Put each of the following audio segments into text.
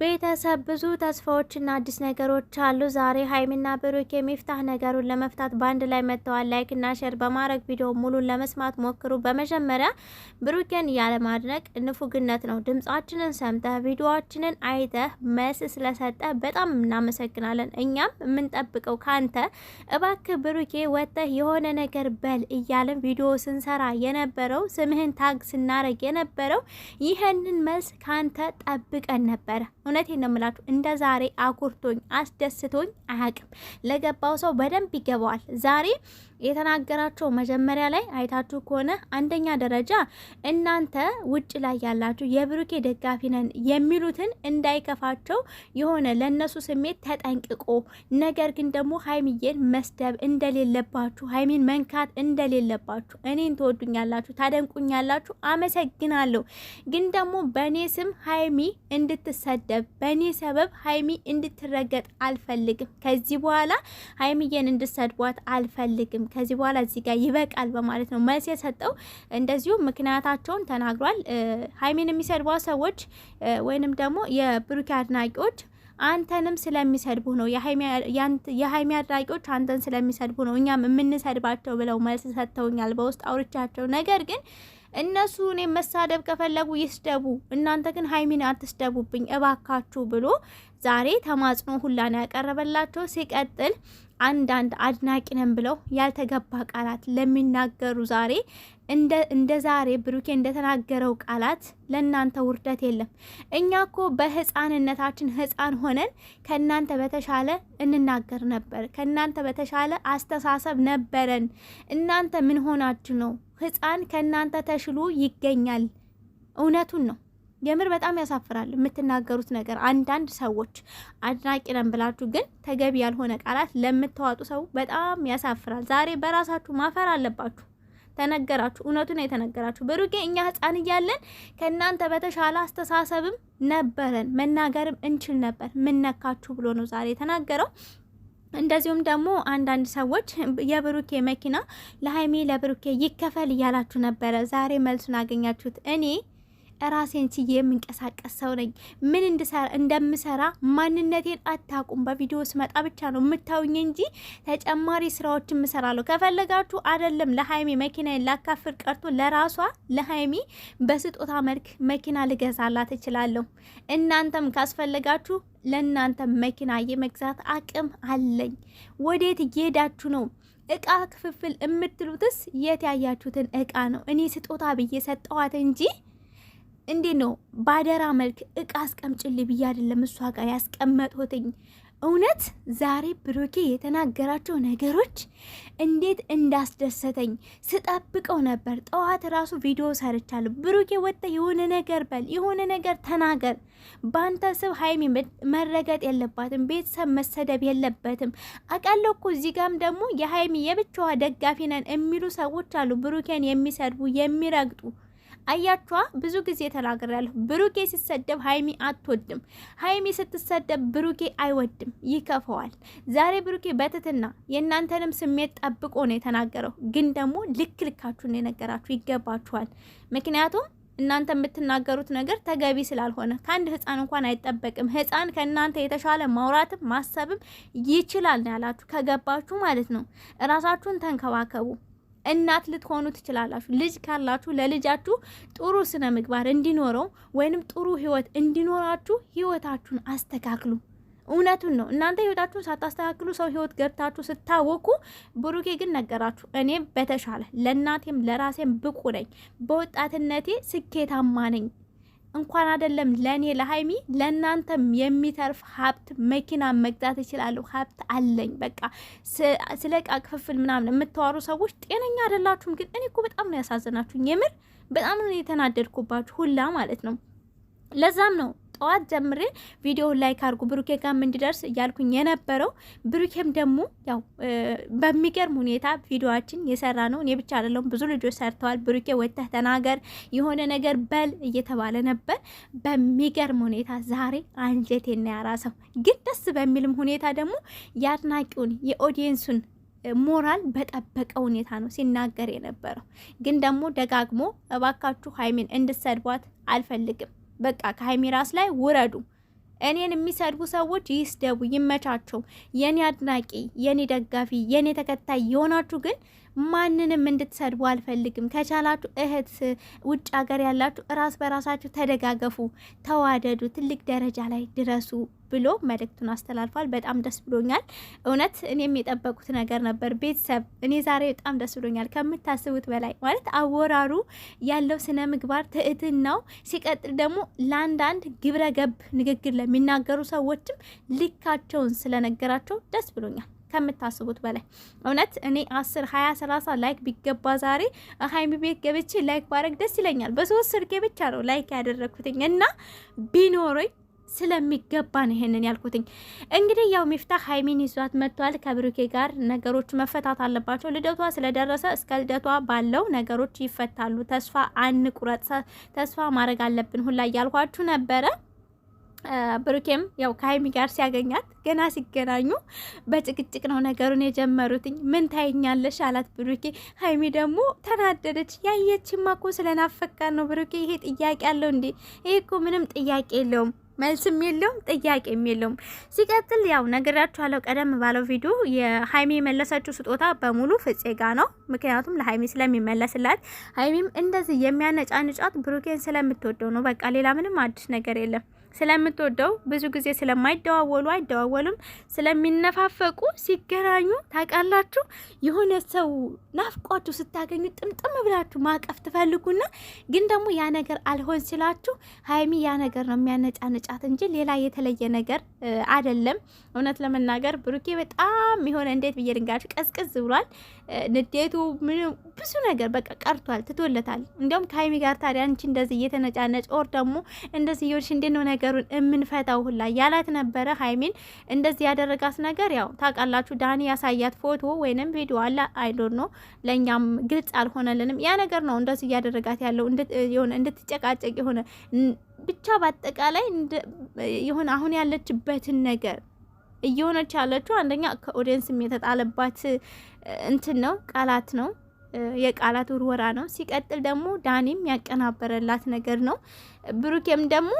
ቤተሰብ ብዙ ተስፋዎችና አዲስ ነገሮች አሉ። ዛሬ ሀይሚና ብሩክ የሚፍታህ ነገሩን ለመፍታት በአንድ ላይ መጥተዋል። ላይክና ሼር በማድረግ ቪዲዮ ሙሉን ለመስማት ሞክሩ። በመጀመሪያ ብሩክን ያለማድነቅ ንፉግነት ነው። ድምጻችንን ሰምተህ ቪዲዮችንን አይተህ መስ ስለሰጠህ በጣም እናመሰግናለን። እኛም የምንጠብቀው ካንተ እባክህ ብሩኬ ወጥተህ የሆነ ነገር በል እያለን ቪዲዮ ስንሰራ የነበረው ስምህን ታግ ስናረግ የነበረው ይህንን መልስ ካንተ ጠብቀን ነበር። እውነቴን ነው የምላችሁ እንደ ዛሬ አኩርቶኝ አስደስቶኝ አያውቅም። ለገባው ሰው በደንብ ይገባዋል ዛሬ የተናገራቸው መጀመሪያ ላይ አይታችሁ ከሆነ አንደኛ ደረጃ እናንተ ውጭ ላይ ያላችሁ የብሩኬ ደጋፊ ነን የሚሉትን እንዳይከፋቸው የሆነ ለእነሱ ስሜት ተጠንቅቆ፣ ነገር ግን ደግሞ ሀይሚዬን መስደብ እንደሌለባችሁ፣ ሀይሚን መንካት እንደሌለባችሁ። እኔን ትወዱኛላችሁ፣ ታደንቁኛላችሁ፣ አመሰግናለሁ። ግን ደግሞ በእኔ ስም ሀይሚ እንድትሰደብ፣ በእኔ ሰበብ ሀይሚ እንድትረገጥ አልፈልግም። ከዚህ በኋላ ሀይሚዬን እንድሰድቧት አልፈልግም። ከዚህ በኋላ እዚህ ጋር ይበቃል በማለት ነው መልስ የሰጠው። እንደዚሁም ምክንያታቸውን ተናግሯል። ሀይሜን የሚሰድቧ ሰዎች ወይንም ደግሞ የብሩኪ አድናቂዎች አንተንም ስለሚሰድቡ ነው የሀይሚ አድናቂዎች አንተን ስለሚሰድቡ ነው እኛም የምንሰድባቸው ብለው መልስ ሰጥተውኛል። በውስጥ አውርቻቸው ነገር ግን እነሱ እኔ መሳደብ ከፈለጉ ይስደቡ፣ እናንተ ግን ሀይሚን አትስደቡብኝ እባካችሁ ብሎ ዛሬ ተማጽኖ ሁላን ያቀረበላቸው ሲቀጥል አንዳንድ አድናቂ ነን ብለው ያልተገባ ቃላት ለሚናገሩ ዛሬ እንደ ዛሬ ብሩኬ እንደተናገረው ቃላት ለእናንተ ውርደት የለም። እኛ ኮ በህፃንነታችን ህፃን ሆነን ከእናንተ በተሻለ እንናገር ነበር፣ ከእናንተ በተሻለ አስተሳሰብ ነበረን። እናንተ ምን ሆናችሁ ነው? ህፃን ከእናንተ ተሽሎ ይገኛል። እውነቱን ነው። የምር በጣም ያሳፍራል የምትናገሩት ነገር። አንዳንድ ሰዎች አድናቂ ነን ብላችሁ ግን ተገቢ ያልሆነ ቃላት ለምታዋጡ ሰው በጣም ያሳፍራል። ዛሬ በራሳችሁ ማፈር አለባችሁ። ተነገራችሁ፣ እውነቱን የተነገራችሁ። ብሩኬ እኛ ህፃን እያለን ከእናንተ በተሻለ አስተሳሰብም ነበረን፣ መናገርም እንችል ነበር። ምነካችሁ ብሎ ነው ዛሬ የተናገረው። እንደዚሁም ደግሞ አንዳንድ ሰዎች የብሩኬ መኪና ለሀይሜ ለብሩኬ ይከፈል እያላችሁ ነበረ። ዛሬ መልሱን አገኛችሁት። እኔ ራሴን ችዬ የምንቀሳቀስ ሰው ነኝ። ምን እንደምሰራ ማንነቴን አታቁም በቪዲዮ ስመጣ ብቻ ነው የምታዩኝ እንጂ ተጨማሪ ስራዎች ምሰራለሁ ከፈለጋችሁ አይደለም ለሀይሚ መኪናዬን ላካፍር ቀርቶ ለራሷ ለሀይሚ በስጦታ መልክ መኪና ልገዛላት እችላለሁ። እናንተም ካስፈለጋችሁ ለእናንተ መኪና የመግዛት አቅም አለኝ። ወዴት እየሄዳችሁ ነው? እቃ ክፍፍል የምትሉትስ የት ያያችሁትን እቃ ነው? እኔ ስጦታ ብዬ ሰጠዋት እንጂ እንዴት ነው ባደራ መልክ እቃ አስቀምጭል ብዬ አይደለም እሷ ጋር ያስቀመጥሁትኝ። እውነት ዛሬ ብሩኬ የተናገራቸው ነገሮች እንዴት እንዳስደሰተኝ ስጠብቀው ነበር። ጠዋት ራሱ ቪዲዮ ሰርቻለሁ። ብሩኬ ወጥተህ የሆነ ነገር በል፣ የሆነ ነገር ተናገር። በአንተ ስብ ሀይሚ መረገጥ የለባትም፣ ቤተሰብ መሰደብ የለበትም። አውቃለሁ እኮ እዚህ ጋም ደግሞ የሀይሚ የብቻዋ ደጋፊ ነን የሚሉ ሰዎች አሉ፣ ብሩኬን የሚሰድቡ የሚረግጡ አያቿ ብዙ ጊዜ ተናግሬያለሁ። ብሩኬ ሲሰደብ ሀይሚ አትወድም፣ ሀይሚ ስትሰደብ ብሩኬ አይወድም፣ ይከፈዋል። ዛሬ ብሩኬ በትትና የእናንተንም ስሜት ጠብቆ ነው የተናገረው፣ ግን ደግሞ ልክ ልካችሁን የነገራችሁ። ይገባችኋል። ምክንያቱም እናንተ የምትናገሩት ነገር ተገቢ ስላልሆነ ከአንድ ህፃን እንኳን አይጠበቅም። ህፃን ከእናንተ የተሻለ ማውራትም ማሰብም ይችላል ነው ያላችሁ። ከገባችሁ ማለት ነው። እራሳችሁን ተንከባከቡ። እናት ልትሆኑ ትችላላችሁ። ልጅ ካላችሁ ለልጃችሁ ጥሩ ስነ ምግባር እንዲኖረው ወይንም ጥሩ ህይወት እንዲኖራችሁ ህይወታችሁን አስተካክሉ። እውነቱን ነው። እናንተ ህይወታችሁን ሳታስተካክሉ ሰው ህይወት ገብታችሁ ስታወቁ፣ ብሩኬ ግን ነገራችሁ፣ እኔም በተሻለ ለእናቴም ለራሴም ብቁ ነኝ፣ በወጣትነቴ ስኬታማ ነኝ እንኳን አይደለም ለእኔ ለሀይሚ ለእናንተም የሚተርፍ ሀብት መኪና መግዛት እችላለሁ፣ ሀብት አለኝ። በቃ ስለ ዕቃ ክፍፍል ምናምን የምታወሩ ሰዎች ጤነኛ አይደላችሁም። ግን እኔ እኮ በጣም ነው ያሳዘናችሁኝ። የምር በጣም ነው የተናደድኩባችሁ ሁላ ማለት ነው። ለዛም ነው ጠዋት ጀምሬ ቪዲዮ ላይክ አድርጉ ብሩኬ ጋር እንዲደርስ እያልኩኝ የነበረው ብሩኬም ደግሞ ያው በሚገርም ሁኔታ ቪዲዮችን የሰራ ነው። እኔ ብቻ አይደለሁም ብዙ ልጆች ሰርተዋል። ብሩኬ ወጥተህ ተናገር፣ የሆነ ነገር በል እየተባለ ነበር። በሚገርም ሁኔታ ዛሬ አንጀቴና ያራሰው ግን ደስ በሚልም ሁኔታ ደግሞ የአድናቂውን የኦዲየንሱን ሞራል በጠበቀ ሁኔታ ነው ሲናገር የነበረው። ግን ደግሞ ደጋግሞ እባካችሁ ሀይሚን እንድሰድቧት አልፈልግም በቃ ከሀይሚ ራስ ላይ ውረዱ። እኔን የሚሰድቡ ሰዎች ይስደቡ፣ ይመቻቸው። የኔ አድናቂ፣ የኔ ደጋፊ፣ የኔ ተከታይ የሆናችሁ ግን ማንንም እንድትሰድቡ አልፈልግም። ከቻላችሁ እህት ውጭ ሀገር ያላችሁ እራስ በራሳችሁ ተደጋገፉ፣ ተዋደዱ፣ ትልቅ ደረጃ ላይ ድረሱ። ብሎ መልእክቱን አስተላልፏል። በጣም ደስ ብሎኛል። እውነት እኔም የጠበቁት ነገር ነበር። ቤተሰብ እኔ ዛሬ በጣም ደስ ብሎኛል ከምታስቡት በላይ ማለት አወራሩ ያለው ስነ ምግባር ነው። ሲቀጥል ደግሞ ለአንዳንድ ግብረ ገብ ንግግር ለሚናገሩ ሰዎችም ልካቸውን ስለነገራቸው ደስ ብሎኛል ከምታስቡት በላይ እውነት እኔ አስር ሀያ ሰላሳ ላይክ ቢገባ ዛሬ ሀይሚ ቤት ገብቼ ላይክ ባረግ ደስ ይለኛል። በሶስት ስልኬ ብቻ ነው ላይክ ያደረግኩትኝ እና ቢኖረኝ ስለሚገባን ይሄንን ያልኩትኝ። እንግዲህ ያው ሚፍታ ሀይሚን ይዟት መጥቷል። ከብሩኬ ጋር ነገሮች መፈታት አለባቸው። ልደቷ ስለደረሰ እስከ ልደቷ ባለው ነገሮች ይፈታሉ። ተስፋ አንቁረጥ፣ ተስፋ ማድረግ አለብን ሁላ እያልኳችሁ ነበረ። ብሩኬም ያው ከሀይሚ ጋር ሲያገኛት ገና ሲገናኙ በጭቅጭቅ ነው ነገሩን የጀመሩትኝ። ምን ታይኛለሽ አላት ብሩኬ። ሀይሚ ደግሞ ተናደደች። ያየችማ እኮ ስለናፈቃን ነው ብሩኬ። ይሄ ጥያቄ አለው እንዴ? ይሄ እኮ ምንም ጥያቄ የለውም። መልስም የለውም ጥያቄም የለውም። ሲቀጥል ያው ነግራችኋለሁ ቀደም ባለው ቪዲዮ የሀይሚ የመለሰችው ስጦታ በሙሉ ፍፄ ጋ ነው። ምክንያቱም ለሀይሚ ስለሚመለስላት ሀይሚም እንደዚህ የሚያነጫንጫት ብሩኬን ስለምትወደው ነው። በቃ ሌላ ምንም አዲስ ነገር የለም። ስለምትወደው ብዙ ጊዜ ስለማይደዋወሉ አይደዋወሉም፣ ስለሚነፋፈቁ ሲገናኙ ታውቃላችሁ፣ የሆነ ሰው ናፍቋችሁ ስታገኙ ጥምጥም ብላችሁ ማቀፍ ትፈልጉና ግን ደግሞ ያ ነገር አልሆን ሲላችሁ ሀይሚ ያ ነገር ነው የሚያነጫነጫት እንጂ ሌላ የተለየ ነገር አይደለም። እውነት ለመናገር ብሩኬ በጣም የሆነ እንዴት ብዬ ልንገራችሁ ቀዝቅዝ ብሏል። ንዴቱ ብዙ ነገር በቃ ቀርቷል፣ ትቶለታል። እንዲያውም ከሀይሚ ጋር ታዲያ አንቺ እንደዚህ እየተነጫነጭ ኦር ደግሞ እንደዚህ እየሆንሽ እንዴት ነው ነገሩን የምንፈታው ሁላ ያላት ነበረ። ሀይሚን እንደዚህ ያደረጋት ነገር ያው ታውቃላችሁ፣ ዳኒ ያሳያት ፎቶ ወይንም ቪዲዮ አለ አይዶር ነው፣ ለእኛም ግልጽ አልሆነልንም። ያ ነገር ነው እንደዚህ እያደረጋት ያለው የሆነ እንድትጨቃጨቅ የሆነ ብቻ በአጠቃላይ የሆነ አሁን ያለችበትን ነገር እየሆነች ያለችው አንደኛ ከኦዲየንስም የተጣለባት እንትን ነው ቃላት ነው። የቃላት ውርወራ ነው። ሲቀጥል ደግሞ ዳኒም ያቀናበረላት ነገር ነው። ብሩኬም ደግሞ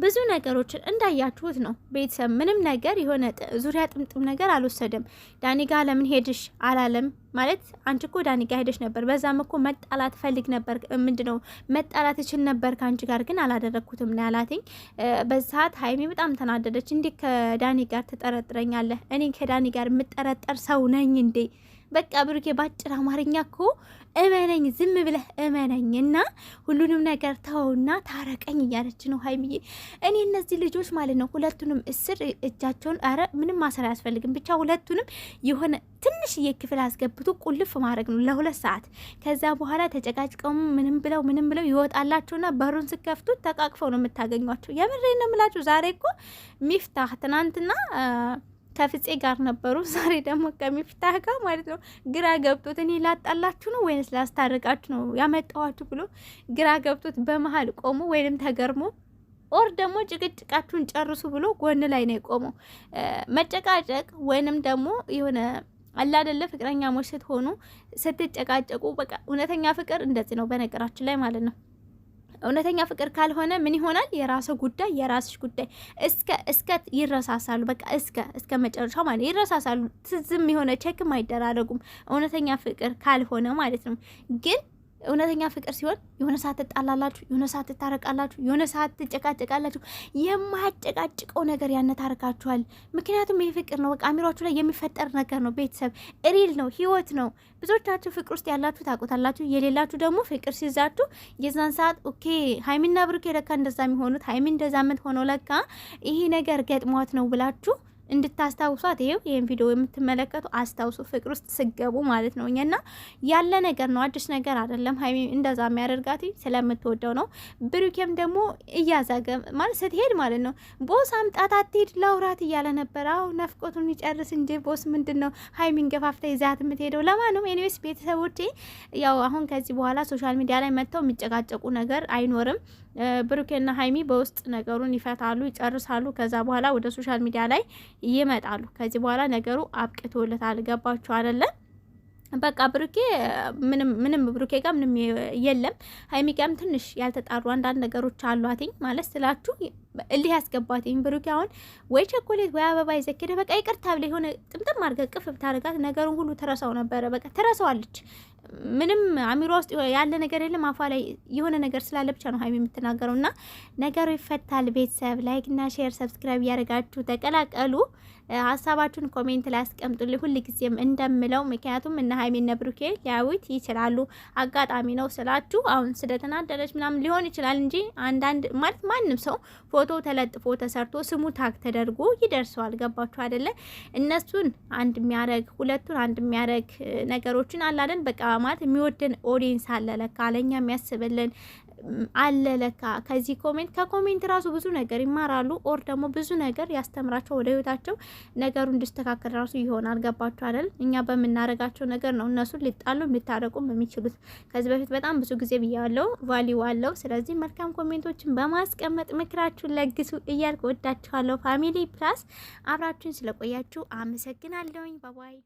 ብዙ ነገሮችን እንዳያችሁት ነው። ቤተሰብ ምንም ነገር የሆነ ዙሪያ ጥምጥም ነገር አልወሰደም። ዳኒ ጋ ለምን ሄድሽ አላለም። ማለት አንቺ እኮ ዳኒ ጋ ሄደሽ ነበር፣ በዛም እኮ መጣላት ፈልግ ነበር፣ ምንድ ነው መጣላት እችል ነበር ከአንቺ ጋር ግን አላደረግኩትም ነው ያላትኝ። በሰዓት ሀይሚ በጣም ተናደደች። እንዴ ከዳኒ ጋር ትጠረጥረኛለህ? እኔ ከዳኒ ጋር የምጠረጠር ሰው ነኝ እንዴ? በቃ ብሩኬ ባጭር አማርኛ እኮ እመነኝ፣ ዝም ብለህ እመነኝ እና ሁሉንም ነገር ተውና ታረቀኝ እያለች ነው ሀይሚዬ። እኔ እነዚህ ልጆች ማለት ነው ሁለቱንም እስር እጃቸውን፣ ኧረ ምንም ማሰር አያስፈልግም። ብቻ ሁለቱንም የሆነ ትንሽዬ ክፍል አስገብቶ ቁልፍ ማድረግ ነው ለሁለት ሰዓት። ከዛ በኋላ ተጨቃጭቀው ምንም ብለው ምንም ብለው ይወጣላቸውና በሩን ስከፍቱ ተቃቅፈው ነው የምታገኟቸው። የምሬ ነው ዛሬ እኮ ሚፍታህ ትናንትና ከፍፄ ጋር ነበሩ። ዛሬ ደግሞ ከሚፍታህ ጋር ማለት ነው። ግራ ገብቶት እኔ ላጣላችሁ ነው ወይንስ ላስታርቃችሁ ነው ያመጣኋችሁ ብሎ ግራ ገብቶት በመሀል ቆሞ ወይንም ተገርሞ ኦር ደግሞ ጭቅጭቃችሁን ጨርሱ ብሎ ጎን ላይ ነው የቆመው። መጨቃጨቅ ወይንም ደግሞ የሆነ አላደለ ፍቅረኛሞች ስትሆኑ ስትጨቃጨቁ፣ በቃ እውነተኛ ፍቅር እንደዚህ ነው በነገራችን ላይ ማለት ነው። እውነተኛ ፍቅር ካልሆነ ምን ይሆናል? የራሰ ጉዳይ፣ የራስሽ ጉዳይ እስከ እስከ ይረሳሳሉ። በቃ እስከ እስከ መጨረሻው ማለት ይረሳሳሉ። ትዝም የሆነ ቼክም አይደራረጉም። እውነተኛ ፍቅር ካልሆነ ማለት ነው ግን እውነተኛ ፍቅር ሲሆን የሆነ ሰዓት ትጣላላችሁ፣ የሆነ ሰዓት ትታረቃላችሁ፣ የሆነ ሰዓት ትጨቃጨቃላችሁ። የማያጨቃጭቀው ነገር ያነታርካችኋል። ምክንያቱም ይህ ፍቅር ነው፣ በቃ አሚሯችሁ ላይ የሚፈጠር ነገር ነው። ቤተሰብ ሪል ነው፣ ህይወት ነው። ብዙዎቻችሁ ፍቅር ውስጥ ያላችሁ ታውቁታላችሁ። የሌላችሁ ደግሞ ፍቅር ሲዛችሁ የዛን ሰዓት ኦኬ ሀይሚና ብሩኬ ለካ እንደዛ የሚሆኑት ሀይሚ እንደዛ ምን ሆነው ለካ ይሄ ነገር ገጥሟት ነው ብላችሁ እንድታስታውሷት ይሄው ይህን ቪዲዮ የምትመለከቱ አስታውሱ። ፍቅር ውስጥ ስገቡ ማለት ነው እኛና ያለ ነገር ነው፣ አዲስ ነገር አይደለም። ሀይሚ እንደዛ የሚያደርጋት ስለምትወደው ነው። ብሩኬም ደግሞ እያዛገ ማለት ስትሄድ ማለት ነው ቦስ አምጣት አትሄድ ላውራት እያለ ነበር። አሁ ናፍቆቱን ይጨርስ እንጂ ቦስ ምንድን ነው ሀይሚን ገፋፍታ ይዛት የምትሄደው? ለማንም ኤኒዌይስ ቤተሰቦቼ ያው አሁን ከዚህ በኋላ ሶሻል ሚዲያ ላይ መጥተው የሚጨቃጨቁ ነገር አይኖርም። ብሩኬና ሀይሚ በውስጥ ነገሩን ይፈታሉ፣ ይጨርሳሉ። ከዛ በኋላ ወደ ሶሻል ሚዲያ ላይ ይመጣሉ። ከዚህ በኋላ ነገሩ አብቅቶለታል። ገባችሁ አይደለም? በቃ ብሩኬ ምንም ምንም ብሩኬ ጋር ምንም የለም። ሀይሚ ጋርም ትንሽ ያልተጣሩ አንዳንድ ነገሮች አሏትኝ ማለት ስላችሁ እልህ ያስገባትኝ ብሩኬ አሁን ወይ ቸኮሌት ወይ አበባ ይዘክደ በቃ ይቅርታ ብለ የሆነ ጥምጥም አድርገ ቅፍ ብታደርጋት ነገሩን ሁሉ ትረሳው ነበረ። በቃ ትረሳዋለች። ምንም አሚሯ ውስጥ ያለ ነገር የለም። አፏ ላይ የሆነ ነገር ስላለ ብቻ ነው ሀይሚ የምትናገረው። እና ነገሩ ይፈታል። ቤተሰብ ላይክ እና ሼር፣ ሰብስክራይብ እያደረጋችሁ ተቀላቀሉ። ሀሳባችሁን ኮሜንት ላይ አስቀምጡልኝ ጊዜም እንደምለው። ምክንያቱም እነ ሀይሚና ብሩኬ ሊያዊት ይችላሉ። አጋጣሚ ነው ስላችሁ አሁን ስለተናደረች ምናምን ሊሆን ይችላል እንጂ አንዳንድ ማለት ማንም ሰው ፎቶ ፎቶ ተለጥፎ ተሰርቶ ስሙ ታግ ተደርጎ ይደርሰዋል። ገባችሁ አይደለ? እነሱን አንድ የሚያረግ ሁለቱን አንድ የሚያረግ ነገሮችን አላለን በቃ ማለት ኦዲንስ ኦዲየንስ አለ ለካ የሚያስብልን አለ ለካ ከዚህ ኮሜንት ከኮሜንት ራሱ ብዙ ነገር ይማራሉ፣ ኦር ደግሞ ብዙ ነገር ያስተምራቸው ወደ ህይወታቸው ነገሩ እንዲስተካከል ራሱ ይሆናል። ገባችሁ አይደል? እኛ በምናረጋቸው ነገር ነው እነሱ ሊጣሉ ሊታረቁም የሚችሉት። ከዚህ በፊት በጣም ብዙ ጊዜ ብያለው፣ ቫሊው አለው። ስለዚህ መልካም ኮሜንቶችን በማስቀመጥ ምክራችሁን ለግሱ እያልኩ ወዳችኋለሁ ፋሚሊ ፕላስ። አብራችሁን ስለቆያችሁ አመሰግናለሁኝ። ባባይ